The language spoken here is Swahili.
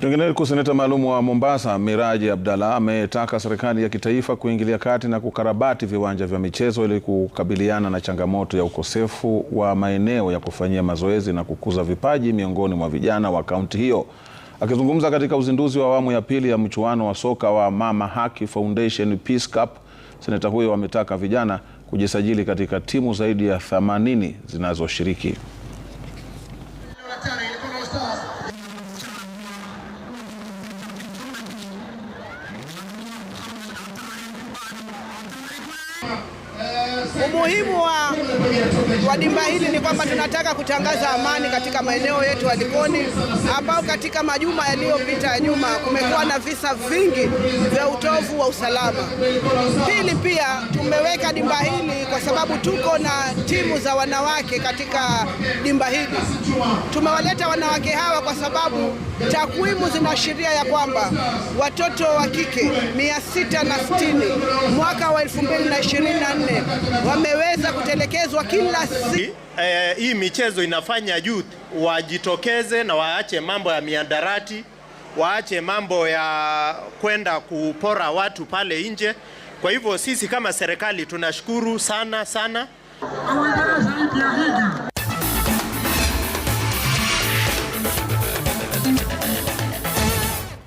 Kwingineko, seneta maalum wa Mombasa Miraji abdallah ametaka serikali ya kitaifa kuingilia kati na kukarabati viwanja vya michezo ili kukabiliana na changamoto ya ukosefu wa maeneo ya kufanyia mazoezi na kukuza vipaji miongoni mwa vijana wa kaunti hiyo. Akizungumza katika uzinduzi wa awamu ya pili ya mchuano wa soka wa Mama Haki Foundation Peace Cup, seneta huyo ametaka vijana kujisajili katika timu zaidi ya 80 zinazoshiriki. Umuhimu wa, wa dimba hili ni kwamba tunataka kutangaza amani katika maeneo yetu ya Likoni, ambao katika majuma yaliyopita ya nyuma kumekuwa na visa vingi vya utovu wa usalama. Pili, pia tumeweka dimba hili kwa sababu tuko na timu za wanawake katika dimba hili. Tumewaleta wanawake hawa kwa sababu takwimu zinaashiria ya kwamba watoto wa kike mia sita na sitini mwaka wa 2024 wameweza kutelekezwa kila si Eh, hii michezo inafanya youth wajitokeze na waache mambo ya miandarati, waache mambo ya kwenda kupora watu pale nje. Kwa hivyo sisi kama serikali tunashukuru sana sana.